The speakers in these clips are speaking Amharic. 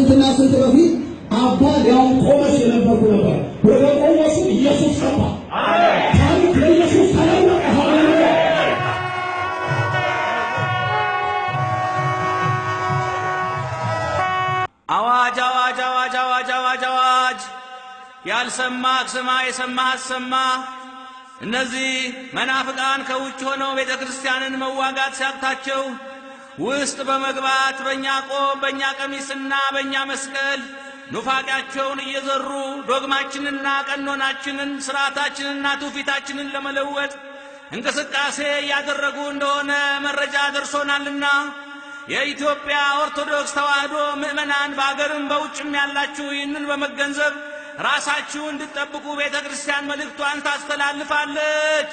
ስንትና ስንት በፊት አባ ሊያውን ቆመስ የነበርኩ ነበር። ወደ ቆመሱ ኢየሱስ ገባ። ታሪክ ለኢየሱስ ተለወጠ። ሃሌሉያ! አዋጅ አዋጅ አዋጅ አዋጅ አዋጅ አዋጅ! ያልሰማህ ስማ፣ የሰማህ አሰማ። እነዚህ መናፍቃን ከውጭ ሆነው ቤተ ክርስቲያንን መዋጋት ሲያቅታቸው ውስጥ በመግባት በእኛ ቆብ በእኛ ቀሚስና በእኛ መስቀል ኑፋቂያቸውን እየዘሩ ዶግማችንና ቀኖናችንን ስርዓታችንና ትውፊታችንን ለመለወጥ እንቅስቃሴ እያደረጉ እንደሆነ መረጃ ደርሶናልና የኢትዮጵያ ኦርቶዶክስ ተዋሕዶ ምእመናን በአገርም በውጭም ያላችሁ ይህንን በመገንዘብ ራሳችሁ እንድትጠብቁ ቤተ ክርስቲያን መልእክቷን ታስተላልፋለች።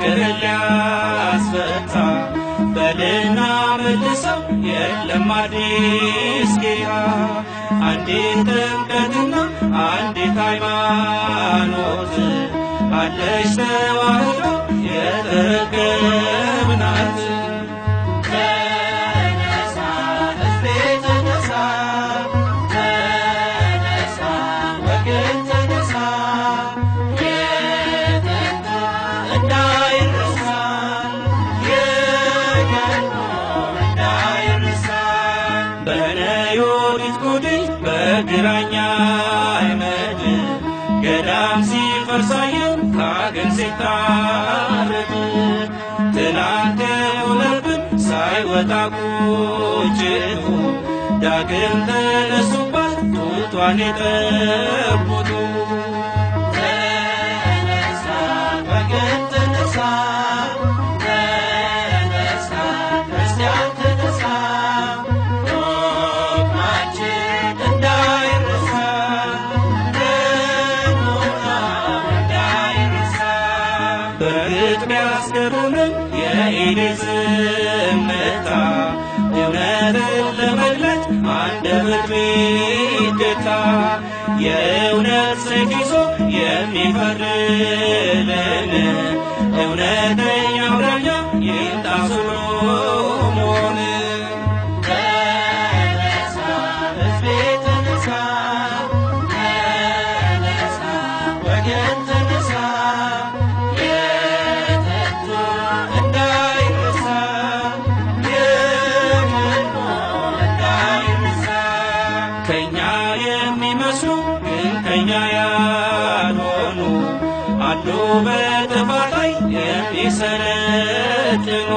ከህል ያስፈታ በድና መልሰው የለም አዲስ ጌታ አንዲት ጥምቀትና አንዲት ሃይማኖት አለች ተዋህዶ በነዮዲት ጉድል በግራኛ አይመድ ገዳም ሲፈርሳየን ከአገር ሲታረድ ትናንት የሆነብን ሳይወጣ ቁጭቱ ዳግም ተነሱባት ጡቷን የጠቡቱ ኃይል ዝምታ እውነትን ለመግለጥ አንደበት ሚገታ የእውነት እውነተኛ ከኛ የሚመስሉ ግን ከኛ ያልሆኑ አሉ በጥፋት ላይ የሚሰለጥኑ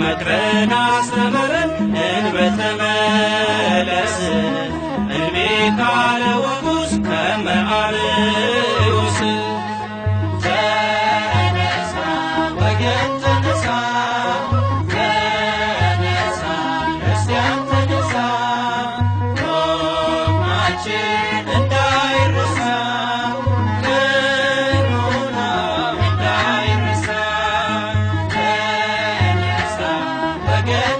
መክረን አስተምረን እንበተመለስ እድሜ ካለ ውጉዝ ከመአል again.